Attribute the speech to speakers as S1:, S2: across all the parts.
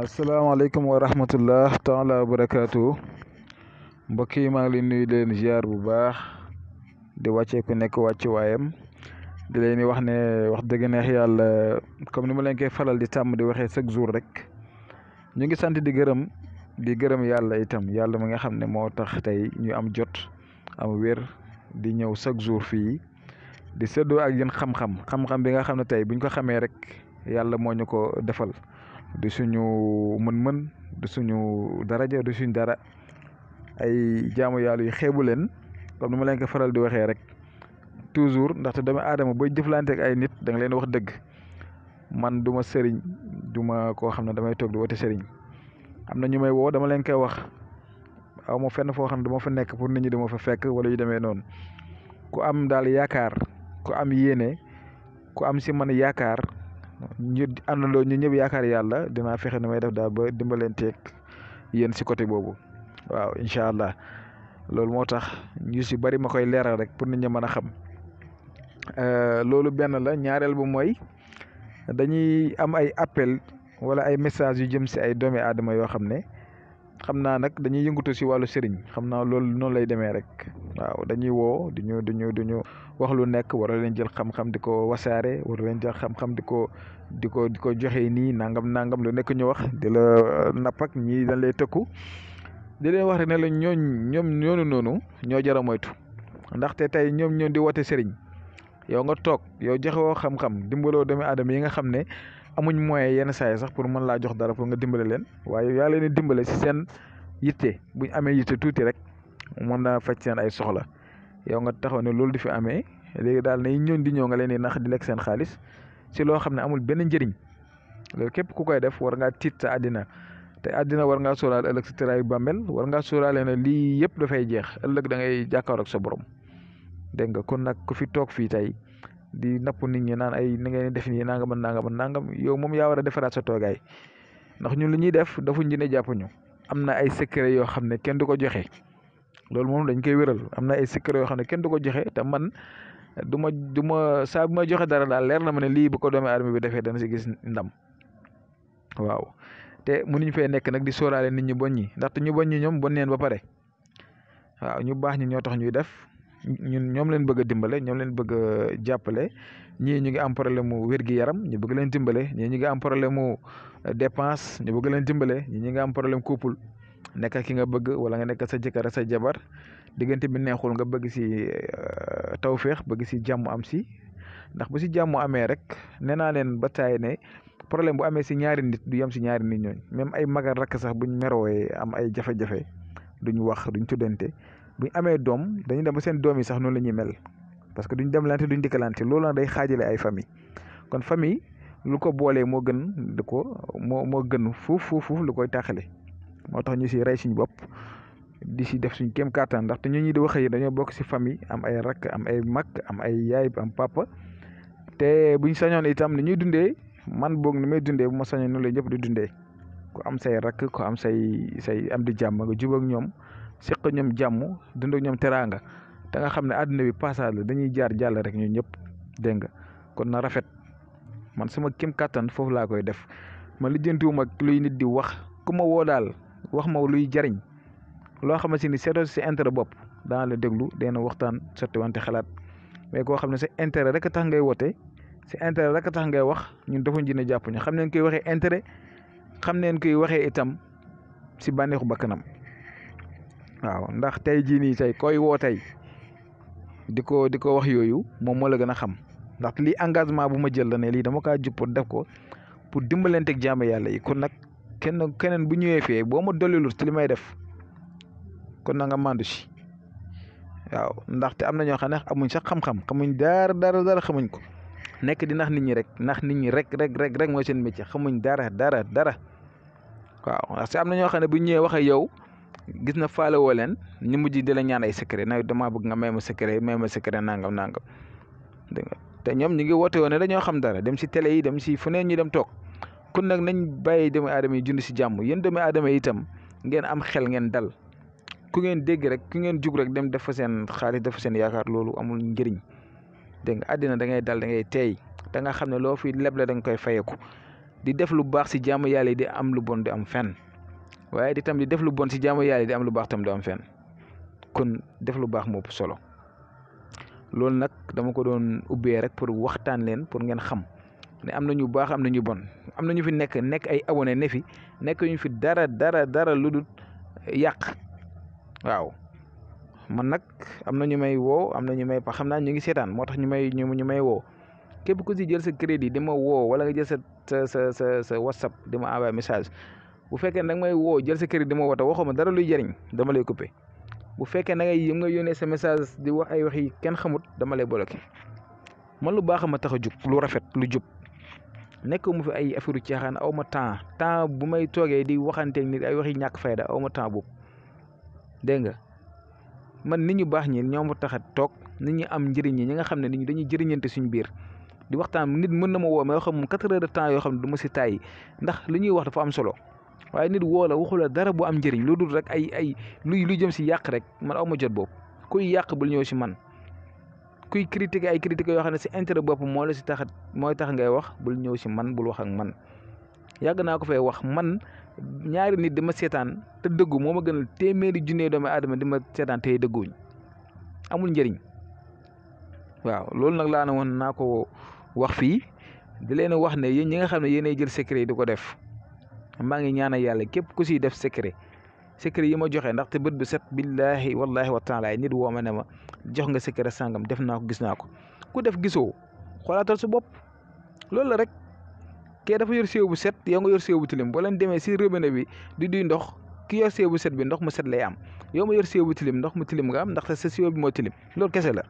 S1: Assalamualaikum warahmatullahi wabarakatuh. taala wabarakatuh mbokk yi ma ngi nuyu leen ziar bu baax di wacce ku nekk wayam di leen wax ne wax deug neex yalla comme ni ma leen kay faral di tam di waxe chaque jour rek ñu ngi sant di gërëm di gërëm yalla itam yalla mi nga xamne ne tax tay ñu am jot am wër di ñew chaque jour fi di séddoo ak yeen xam-xam xam-xam bi nga xamne tay buñ ko xamé rek yalla moñu ko defal. du suñu mën-mën du suñu daraja du suñ dara ay jaamu yàlla yu xeebu leen comme ni ma leen ko faral di waxee rek toujours ndaxte dama aadama booy jëflante ay nit da leen wax dëgg man du ma sëriñ duma ma koo xam ne damay toog di woote sëriñ am na ñu may woo dama leen koy wax aw ma fenn foo xam ne dama fa nekk pour nit ñi dama fa fekk wala yu demee noonu ku am daal yaakaar ku am yéene ku am si man yaakaar. ñu àndandoo ñu ñëpp yaakaar yàlla dinaa fexe ni may def daal ba dimbaleen teek yéen si côté boobu waaw incha allah loolu moo tax ñu si bari ma koy leeral rek pour nit ñi mën a xam euh, loolu benn la ñaareel bu mooy dañuy am ay appel wala ay message yu jëm si ay doomi aadama yoo xam ne xam naa nag dañuy yëngatu si wàllu sëriñ xam naa loolu noonu lay demee rek waaw dañuy woo du ñu du ñu du ñu wax lu nekk war leen jël xam-xam di ko wasaare war leen jël xam-xam di ko di ko di ko joxe nii nangam nangam lu nekk ñu wax di la euh, napp ñii dañ lay tëkku di leen wax rek ne la ñooñ ñoonu noonu ñoo jar a moytu ndaxte tey ñoom ñoon di woote sëriñ yow nga toog yow joxewoo xam-xam dimbaloo doomi aadama yi nga xam ne amuñ moyen yenn say sax pour mën laa jox dara pour nga dimbale leen waaye yaa leen di dimbale si seen yitte buñ amee yitte tuuti rek mën naa faj seen ay soxla yow nga taxaw ne loolu di fi amee léegi daal nay ñëw di ñëw nga leen di nax di lekk seen xaalis si loo xam ne amul benn njëriñ loolu képp ku koy def war ngaa tiit sa àddina te àddina war ngaa sóoraal ëllëg sa tëraayu bàmmeel war ngaa sóoraale ne lii yëpp dafay jeex ëllëg da ngay jàkkaaroog sa borom dégg nga kon nag ku fi toog fii tey di napp nit ñi naan ay ni ngeen def nii nangam nangam nangam yow moom yaa a defaraat sa toogaay ndax ñun li ñuy def dafa ñu ne jàppuñu am na ay secret yoo xam ne kenn du ko joxe loolu moom dañ koy wéral am na ay secret yoo xam ne kenn du ko joxe te man du ma du ma saa ma joxe dara daal leer na ma ne lii bu ko doomi aadama bi defee dana si gis ndam waaw te mënuñ fee nekk nag di sóoraale nit ñu bon ñi ndaxte ñu bon ñi ñoom bon neen ba pare waaw ñu baax ñi ñoo tax ñuy def ñun ñom leen bëgg dimbalé ñom nyi leen bëgg jappalé ñi ñu ngi am problème mu gi yaram ñu bëgg leen dimbalé ñi ñu ngi am problème euh, dépenses ñu bëgg leen dimbalé ñi ñu ngi am problème couple nekk ki nga bëgg wala nga nek sa jëkkër sa jabar digënté bi neexul nga bëgg si euh, tawfiix bëgg si jamu am ci ndax bu si jamm amé rek néna leen ba tay ne problème bu amé si ñaari nit du yam ci ñaari nit ñooñ même ay magal rak sax buñ merooyee am ay jafé jafé duñ wax duñ tudenté bu ñu amee doom dañuy dem seen doom yi sax noonu la ñuy mel parce que duñ demlante duñ dikkalante loolu nag day xaajale ay famille kon famille lu ko boolee moo gën di ko moo moo gën fuuf fuuf lu koy tàqale moo tax ñu si rey suñ bopp di si def suñ kéem kàttan ndaxte ñu ñi di wax dañoo bokk si famille am ay rakk am ay mag am ay yaay am papa te buñ sañoon itam ni ñuy dundee man boog ni may dundee bu ma sañoon noonu la ñëpp di dundee ku am say rakk ku am say say am di jàmm nga jub ak ñoom. seq ñoom jàmm dund ñoom teraanga te xam ne àdduna bi passage dañuy jaar jàll rek ñun ñëpp dégg nga kon na rafet man sama kim kàttan foofu laa koy def ma lijjantiwuma luy nit di wax ku ma woo daal wax ma luy jariñ loo xamante ni seetoo si intérêt bopp dana la déglu dana waxtaan sottiwante xalaat mais koo xam ne sa intérêt rek tax ngay woote sa rek tax ngay wax ñun dafa a jàpp ñu xam neen koy waxee intérêt xam neen koy waxee itam si bànneexu bakkanam waaw ndax tey jii nii tey koy woo tey di ko di ko wax yooyu moom moo la gën a xam ndax lii engagement bu ma jël la ne lii dama kaa jub pour def ko pour dimbalanteeg jaamu yàlla yi kon nag kenn keneen bu ñëwee fee boo ma dollilut ci li may def kon na nga màndu si waaw ndaxte am na xam ne amuñ sax xam xamuñ dara dara dara xamuñ ko nekk di nax nit ñi rek nax nit ñi rek rek rek rek mooy seen métier xamuñ dara dara dara waaw ndaxte am na ñoo xam ne bu ñëwee wax ak yow. gis na faale woo leen ñu mujj di la ñaan ay secret nawet damaa bëgg nga may ma secret may ma secret nangam nangam te ñoom ñu ngi woote woon ne dañoo xam dara dem si tele yi dem si fu ne ñu dem toog kon nag nañ bàyyi doomu aadama yi jund si jàmm yéen doomu aadama yi itam ngeen am xel ngeen dal ku ngeen dégg rek ku ngeen jug rek dem def fa seen xaalis def seen yaakaar loolu amul njëriñ dégg nga àddina da ngay dal da ngay teey da nga xam ne loo fi leble da nga koy fayeku di def lu baax si jàmm yàlla yi di am lu bon di am fenn. waaye di tam di def lu bon si jaamu yàlla di am lu baax tam du am fenn kon def lu baax moo solo loolu nag dama ko doon ubbee rek pour waxtaan leen pour ngeen xam ne am na ñu baax am na ñu bon am na ñu fi nekk nekk ay abonné ne fi nekk ñu fi dara dara dara lu dul yàq waaw man nag am na ñu may woo am na ñu may pa xam naa ñu ngi seetaan moo tax ñu may ñu ñu may woo képp ku si jël sa crédit di ma woo wala nga jël sa sa sa sa whatsapp di ma envoyé message bu fekkee ne may woo jël sa crédit di ma woote waxuma dara luy jëriñ dama lay coupé bu fekkee da ngay yëm nga yónnee sa message di wax ay wax yi kenn xamut dama lay bloqué man lu baax ma tax a jug lu rafet lu jub nekk mu fi ay affaire caaxaan aw ma temps temps bu may toogee di waxanteeg nit ay wax yi ñàkk fayda aw ma temps boobu dégg nga man nit ñu baax ñi ñoo ma tax a toog nit ñu am njëriñ ñi nga xam ne nit ñi dañuy jëriñante suñu biir di waxtaan nit mën na ma woo ma yoo xam moom quatre heures de temps yoo xam ne du ma si taay ndax li ñuy wax dafa am solo. waaye nit woola la dara bu am njëriñ lu dul rek ay ay luy lu jëm si yàq rek man aw ma jot boobu kuy yàq bul ñëw si man kuy critiquer ay critiquer yoo xam ne si intérêt bopp moo la si taxat mooy tax ngay wax bul ñëw si man bul wax ak man yàgg naa ko fay wax man ñaari nit dama seetaan te dëggu moo ma gënal téeméeri junne doomu aadama di ma seetaan te dëgguñ amul njëriñ waaw loolu nag laa ne woon naa ko wax fii di leen wax ne yéen ñi nga xam ne yéenay jël secret di ko def. maa ngi ñaanal yàlla képp ku siy def secret secret yi ma joxe ndaxte bët bu set billahi wallahi wa taala nit woo ma ne ma jox nga secret sangam def naa ko gis naa ko ku def gisoo xoolaatal su bopp loolu la rek kee dafa yor séew bu set yow nga yor séew bu tilim boo leen demee si bi di duy ndox ki yor séew bu set bi ndox mu set lay am yow ma yor séew bu tilim ndox mu tilim nga am ndaxte sa séew bi moo tilim loolu kese la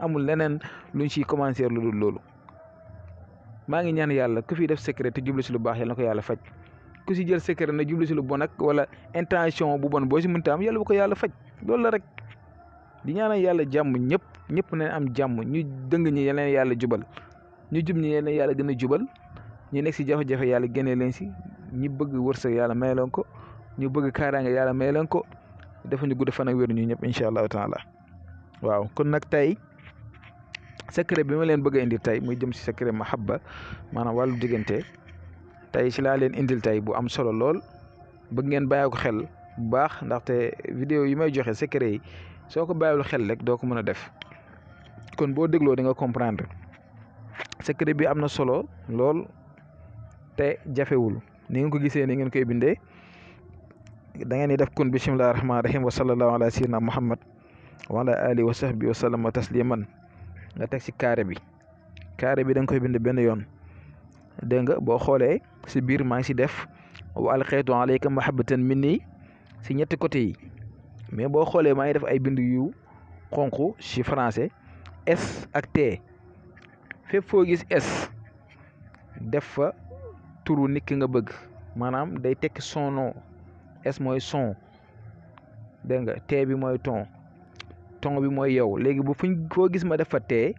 S1: amul leneen luñ ciy commencé lu dul loolu maa ngi ñaan yàlla ku fi def secret te jublu si lu baax yàlla na ko yàlla faj ku si jël secret na jublu si lu bon ak wala intention bu bon boo si mënta am yàlla bu ko yàlla faj loolu la rek di ñaanal yàlla jàmm ñëpp ñëpp nañ am jàmm ñu dëng ñi yeneen yàlla jubal ñu jub ñi yeneen yàlla gën a jubal ñu nekk si jafe-jafe yàlla génnee leen si ñi bëgg wërsëg yàlla may ko ñu bëgg kaaraange yàlla may leen ko dafa ñu gudd fan ak wér ñu ñëpp incha allahu taala waaw kon nag tey secret bi ma leen bëgg a indi tey muy jëm si secret mahabba maanaam wàllu diggante ay ci laa leen indil tey bu am solo lool bëgg ngeen bàyyi xel bu baax ndaxte vidéo yi may joxe secret yi soo ko bàyyiwul xel rek doo ko mën a def kon boo dégloo danga nga comprendre secret bi am na solo lool te jafewul ni ngeen ko gisee ni ngeen koy bindee dangeen ngeen di def kon bisimilah rahmaani rahim wa sallallahu ala sayyidina muhammad wa ala alihi wa sahbi wa sallama tasliman nga teg ci carré bi carré bi da koy bind benn yoon dégg nga boo xoolee si biir maa ngi si def wa alqaytu alayka mahabbatan minni si ñetti côté yi mais boo xoolee maa ngi def ay bind yu xonq si français S ak T fépp foo gis es def fa turu nikk nga bëgg maanaam day tekk son nom S mooy son dégg nga T bi mooy ton ton bi mooy yow léegi bu fuñ foo gis ma def fa T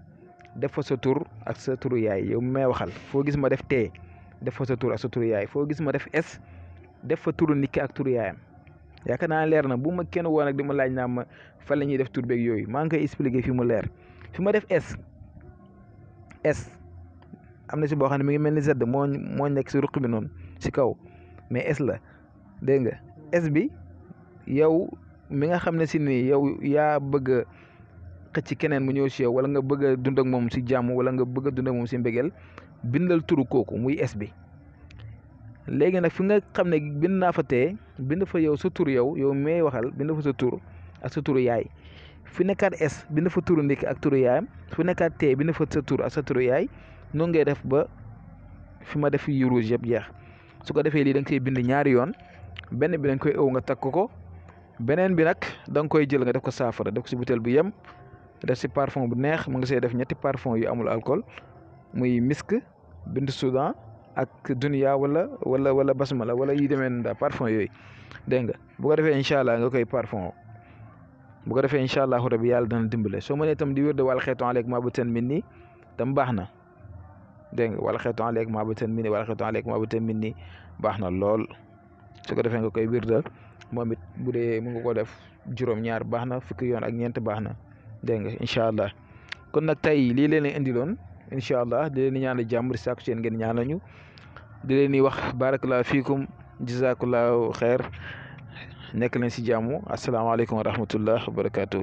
S1: def fa sa tur ak sa turu yaay yow may waxal foo gis ma def T def fa sa tur ak sa yaay foo gis ma def es def fa turu nit ki ak turu yaayam yaakaar naa leer na bu ma kenn woon ak di ma laaj naa ma fan la ñuy def tur beeg yooyu maa ngi koy expliquer fi mu leer fi ma def es S am na si boo xam ne mi ngi mel ni Z moo moo nekk si ruq bi noonu si kaw mais S la dégg nga S bi yow mi nga xam ne si ni yow yaa bëgg ci keneen mu ñëw si yow wala nga bëgg a ak moom si jàmm wala nga bëgg a dund ak moom si mbëggeel bindal turu kooku muy ese bi léegi nag fi nga xam ne bind naa fa tee bind fa yow sa tur yow yow may waxal bind fa sa tur ak sa turu yaay fi nekkaat es bind fa turu ndikk ak turu yaayam fi nekkaat tee bind fa sa tur ak sa turu yaay noonu ngay def ba fi ma def yu rouge yëpp jeex su ko defee lii da nga koy bind ñaari yoon benn bi da koy ëw nga takk ko beneen bi nag da koy jël nga def ko saafara def bu yem def si parfum bu neex mu ngi see def ñetti parfum yu amul alcool muy misk bind soudan ak dunia wala wala wala basmala wala yu demee noonu daal parfum yooyu dégg nga ko defee incha allah nga koy parfum bu ko defee incha allahu rabi yàlla dana dimbale soo mënee itam di wér de wàll xeetu alek maa bu teen min nii baax na dégg nga wàll maa bu teen min nii wàll xeetu bu teen min nii baax na lool su ko defee nga koy wér de moom it bu dee mu nga ko def juróom-ñaar baax na fukki yoon ak ñeent baax na. dégg nga incha allah kon nag tey lii leen indi indiloon incha allah di leen di ñaanal jàmm di sàkku seen ngeen ñaanal ñu di leen di wax barakallahu fiikum jazaakallahu xeer nekk leen si jàmm asalaamaaleykum wa rahmatullah wa barakaatu.